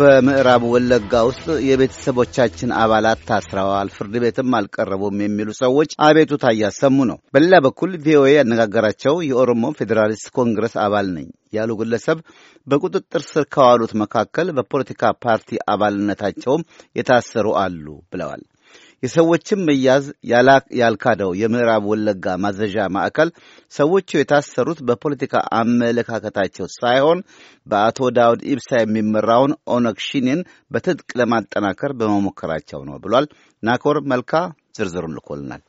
በምዕራብ ወለጋ ውስጥ የቤተሰቦቻችን አባላት ታስረዋል፣ ፍርድ ቤትም አልቀረቡም የሚሉ ሰዎች አቤቱታ እያሰሙ ነው። በሌላ በኩል ቪኦኤ ያነጋገራቸው የኦሮሞ ፌዴራሊስት ኮንግረስ አባል ነኝ ያሉ ግለሰብ በቁጥጥር ስር ከዋሉት መካከል በፖለቲካ ፓርቲ አባልነታቸውም የታሰሩ አሉ ብለዋል። የሰዎችን መያዝ ያልካደው የምዕራብ ወለጋ ማዘዣ ማዕከል ሰዎቹ የታሰሩት በፖለቲካ አመለካከታቸው ሳይሆን በአቶ ዳውድ ኢብሳ የሚመራውን ኦነግ በትጥቅ ለማጠናከር በመሞከራቸው ነው ብሏል። ናኮር መልካ ዝርዝሩን ልኮልናል።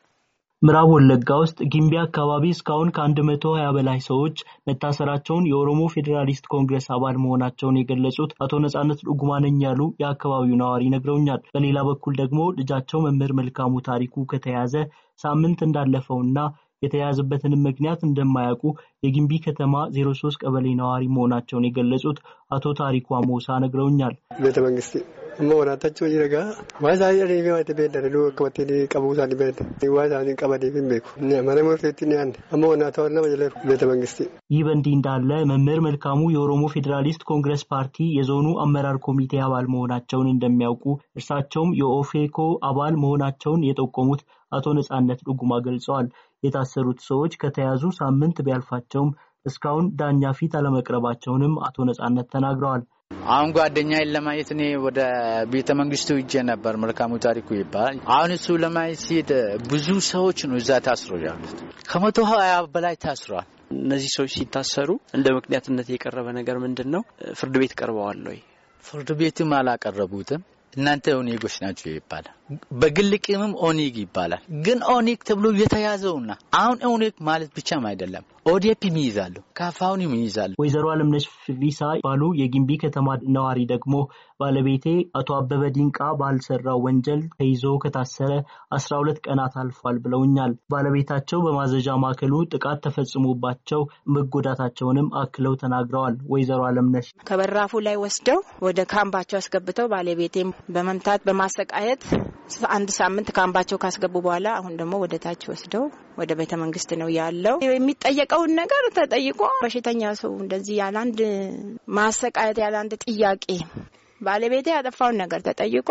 ምዕራብ ወለጋ ውስጥ ጊምቢ አካባቢ እስካሁን ከአንድ መቶ ሀያ በላይ ሰዎች መታሰራቸውን የኦሮሞ ፌዴራሊስት ኮንግረስ አባል መሆናቸውን የገለጹት አቶ ነጻነት ዱጉማ ነኝ ያሉ የአካባቢው ነዋሪ ነግረውኛል። በሌላ በኩል ደግሞ ልጃቸው መምህር መልካሙ ታሪኩ ከተያዘ ሳምንት እንዳለፈውና የተያዘበትንም ምክንያት እንደማያውቁ የጊምቢ ከተማ 03 ቀበሌ ነዋሪ መሆናቸውን የገለጹት አቶ ታሪኩ አሞሳ ነግረውኛል። ቤተ መንግስት Amma waraatachuu hojii dhagaa waan isaanii ariifii waan itti beektan heduu akkamatti qabuu isaanii beektan waan isaanii qabanii hin beeku. Mana murteetti ni aanne amma wanaata waan nama jala ቤተ መንግስት ይህ በእንዲህ እንዳለ መምህር መልካሙ የኦሮሞ ፌዴራሊስት ኮንግረስ ፓርቲ የዞኑ አመራር ኮሚቴ አባል መሆናቸውን እንደሚያውቁ እርሳቸውም የኦፌኮ አባል መሆናቸውን የጠቆሙት አቶ ነጻነት ዱጉማ ገልጸዋል። የታሰሩት ሰዎች ከተያዙ ሳምንት ቢያልፋቸውም እስካሁን ዳኛ ፊት አለመቅረባቸውንም አቶ ነጻነት ተናግረዋል። አሁን ጓደኛዬን ለማየት እኔ ወደ ቤተ መንግስቱ ሂጄ ነበር። መልካሙ ታሪኩ ይባላል። አሁን እሱ ለማየት ሲሄድ ብዙ ሰዎች ነው እዛ ታስሮ ያሉት፣ ከመቶ ሀያ በላይ ታስሯል። እነዚህ ሰዎች ሲታሰሩ እንደ ምክንያትነት የቀረበ ነገር ምንድን ነው? ፍርድ ቤት ቀርበዋል ወይ? ፍርድ ቤትም አላቀረቡትም። እናንተ ኔጎች ናቸው ይባላል በግል ቂምም ኦኒግ ይባላል። ግን ኦኒግ ተብሎ የተያዘውና አሁን ኦኒግ ማለት ብቻም አይደለም ኦዴፕ ይይዛሉ፣ ካፋውን ይይዛሉ። ወይዘሮ አለምነሽ ፍሊሳ ባሉ የጊምቢ ከተማ ነዋሪ ደግሞ ባለቤቴ አቶ አበበ ዲንቃ ባልሰራው ወንጀል ተይዞ ከታሰረ አስራ ሁለት ቀናት አልፏል ብለውኛል። ባለቤታቸው በማዘዣ ማዕከሉ ጥቃት ተፈጽሞባቸው መጎዳታቸውንም አክለው ተናግረዋል። ወይዘሮ አለምነሽ ከበራፉ ላይ ወስደው ወደ ካምባቸው አስገብተው ባለቤቴም በመምታት በማሰቃየት አንድ ሳምንት ካምባቸው ካስገቡ በኋላ አሁን ደግሞ ወደ ታች ወስደው ወደ ቤተ መንግስት ነው ያለው። የሚጠየቀውን ነገር ተጠይቆ በሽተኛ ሰው እንደዚህ ያለ አንድ ማሰቃየት ያለ አንድ ጥያቄ ባለቤቴ ያጠፋውን ነገር ተጠይቆ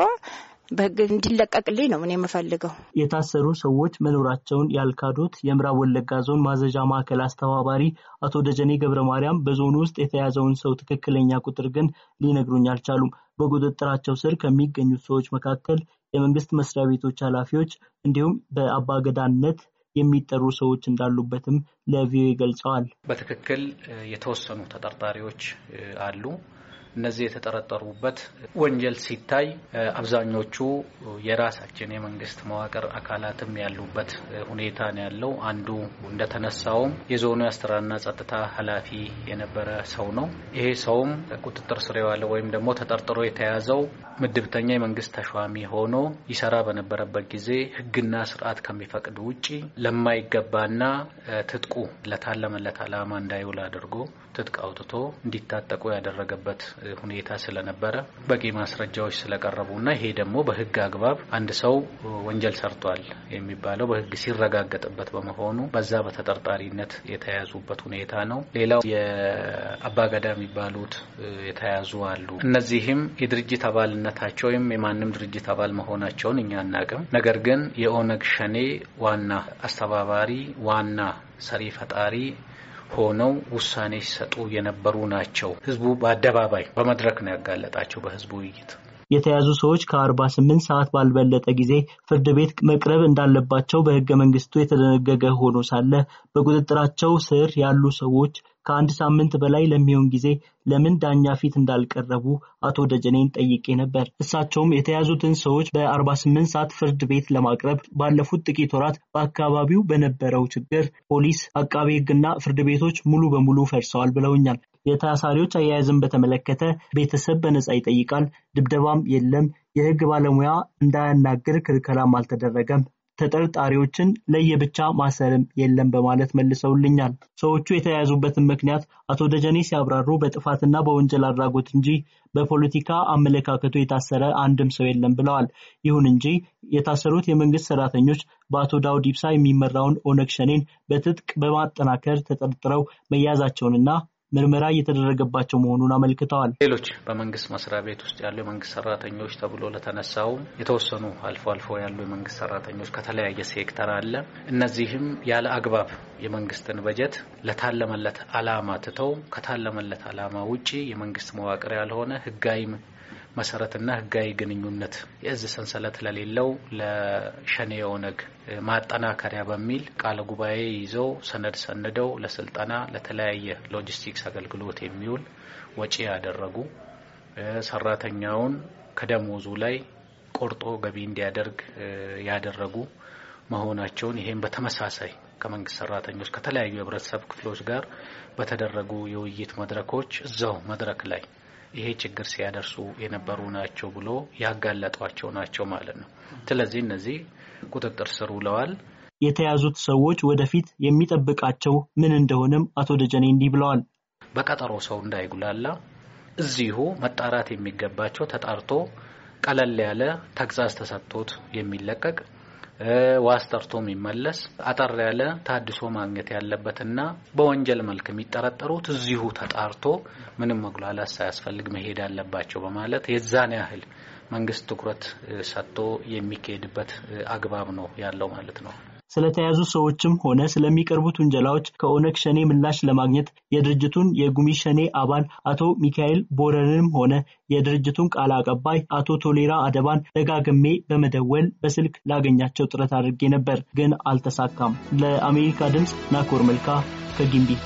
በህግ እንዲለቀቅልኝ ነው እኔ የምፈልገው። የታሰሩ ሰዎች መኖራቸውን ያልካዱት የምዕራብ ወለጋ ዞን ማዘዣ ማዕከል አስተባባሪ አቶ ደጀኔ ገብረ ማርያም በዞኑ ውስጥ የተያዘውን ሰው ትክክለኛ ቁጥር ግን ሊነግሩኝ አልቻሉም። በቁጥጥራቸው ስር ከሚገኙት ሰዎች መካከል የመንግስት መስሪያ ቤቶች ኃላፊዎች እንዲሁም በአባገዳነት የሚጠሩ ሰዎች እንዳሉበትም ለቪኦኤ ገልጸዋል። በትክክል የተወሰኑ ተጠርጣሪዎች አሉ። እነዚህ የተጠረጠሩበት ወንጀል ሲታይ አብዛኞቹ የራሳችን የመንግስት መዋቅር አካላትም ያሉበት ሁኔታ ነው ያለው። አንዱ እንደተነሳውም የዞኑ አስተዳደርና ጸጥታ ኃላፊ የነበረ ሰው ነው። ይሄ ሰውም ቁጥጥር ስር የዋለ ወይም ደግሞ ተጠርጥሮ የተያዘው ምድብተኛ የመንግስት ተሿሚ ሆኖ ይሰራ በነበረበት ጊዜ ህግና ስርዓት ከሚፈቅድ ውጭ ለማይገባና ትጥቁ ለታለመለት አላማ እንዳይውል አድርጎ ትጥቅ አውጥቶ እንዲታጠቁ ያደረገበት ሁኔታ ስለነበረ በቂ ማስረጃዎች ስለቀረቡና ይሄ ደግሞ በህግ አግባብ አንድ ሰው ወንጀል ሰርቷል የሚባለው በህግ ሲረጋገጥበት በመሆኑ በዛ በተጠርጣሪነት የተያዙበት ሁኔታ ነው። ሌላው የአባገዳ የሚባሉት የተያዙ አሉ። እነዚህም የድርጅት አባልነታቸው ወይም የማንም ድርጅት አባል መሆናቸውን እኛ አናቅም። ነገር ግን የኦነግ ሸኔ ዋና አስተባባሪ ዋና ሰሪ ፈጣሪ ሆነው ውሳኔ ሲሰጡ የነበሩ ናቸው። ህዝቡ በአደባባይ በመድረክ ነው ያጋለጣቸው በህዝቡ ውይይት። የተያዙ ሰዎች ከ48 ሰዓት ባልበለጠ ጊዜ ፍርድ ቤት መቅረብ እንዳለባቸው በህገ መንግስቱ የተደነገገ ሆኖ ሳለ በቁጥጥራቸው ስር ያሉ ሰዎች ከአንድ ሳምንት በላይ ለሚሆን ጊዜ ለምን ዳኛ ፊት እንዳልቀረቡ አቶ ደጀኔን ጠይቄ ነበር። እሳቸውም የተያዙትን ሰዎች በ48 ሰዓት ፍርድ ቤት ለማቅረብ ባለፉት ጥቂት ወራት በአካባቢው በነበረው ችግር ፖሊስ፣ አቃቤ ሕግና ፍርድ ቤቶች ሙሉ በሙሉ ፈርሰዋል ብለውኛል። የታሳሪዎች አያያዝን በተመለከተ ቤተሰብ በነጻ ይጠይቃል፣ ድብደባም የለም፣ የህግ ባለሙያ እንዳያናግር ክልከላም አልተደረገም ተጠርጣሪዎችን ለየብቻ ማሰርም የለም በማለት መልሰውልኛል። ሰዎቹ የተያያዙበትን ምክንያት አቶ ደጀኔ ሲያብራሩ በጥፋትና በወንጀል አድራጎት እንጂ በፖለቲካ አመለካከቱ የታሰረ አንድም ሰው የለም ብለዋል። ይሁን እንጂ የታሰሩት የመንግስት ሰራተኞች በአቶ ዳውድ ኢብሳ የሚመራውን ኦነግ ሸኔን በትጥቅ በማጠናከር ተጠርጥረው መያዛቸውንና ምርመራ እየተደረገባቸው መሆኑን አመልክተዋል። ሌሎች በመንግስት መስሪያ ቤት ውስጥ ያሉ የመንግስት ሰራተኞች ተብሎ ለተነሳውም የተወሰኑ አልፎ አልፎ ያሉ የመንግስት ሰራተኞች ከተለያየ ሴክተር አለ። እነዚህም ያለ አግባብ የመንግስትን በጀት ለታለመለት አላማ ትተው ከታለመለት አላማ ውጪ የመንግስት መዋቅር ያልሆነ ህጋዊ መሰረትና ህጋዊ ግንኙነት የእዝ ሰንሰለት ለሌለው ለሸኔ ኦነግ ማጠናከሪያ በሚል ቃለ ጉባኤ ይዘው ሰነድ ሰንደው ለስልጠና ለተለያየ ሎጂስቲክስ አገልግሎት የሚውል ወጪ ያደረጉ ሰራተኛውን ከደሞዙ ላይ ቆርጦ ገቢ እንዲያደርግ ያደረጉ መሆናቸውን ይህም በተመሳሳይ ከመንግስት ሰራተኞች ከተለያዩ የህብረተሰብ ክፍሎች ጋር በተደረጉ የውይይት መድረኮች እዛው መድረክ ላይ ይሄ ችግር ሲያደርሱ የነበሩ ናቸው ብሎ ያጋለጧቸው ናቸው ማለት ነው። ስለዚህ እነዚህ ቁጥጥር ስር ውለዋል። የተያዙት ሰዎች ወደፊት የሚጠብቃቸው ምን እንደሆነም አቶ ደጀኔ እንዲህ ብለዋል። በቀጠሮ ሰው እንዳይጉላላ እዚሁ መጣራት የሚገባቸው ተጣርቶ ቀለል ያለ ተግዛዝ ተሰጥቶት የሚለቀቅ ዋስ ጠርቶ የሚመለስ አጠር ያለ ታድሶ ማግኘት ያለበትና በወንጀል መልክ የሚጠረጠሩት እዚሁ ተጣርቶ ምንም መጉላላት ሳያስፈልግ መሄድ አለባቸው በማለት የዛን ያህል መንግስት ትኩረት ሰጥቶ የሚካሄድበት አግባብ ነው ያለው ማለት ነው። ስለተያዙ ሰዎችም ሆነ ስለሚቀርቡት ውንጀላዎች ከኦነግ ሸኔ ምላሽ ለማግኘት የድርጅቱን የጉሚ ሸኔ አባል አቶ ሚካኤል ቦረንንም ሆነ የድርጅቱን ቃል አቀባይ አቶ ቶሌራ አደባን ደጋግሜ በመደወል በስልክ ላገኛቸው ጥረት አድርጌ ነበር፣ ግን አልተሳካም። ለአሜሪካ ድምፅ ናኮር መልካ ከጊምቢ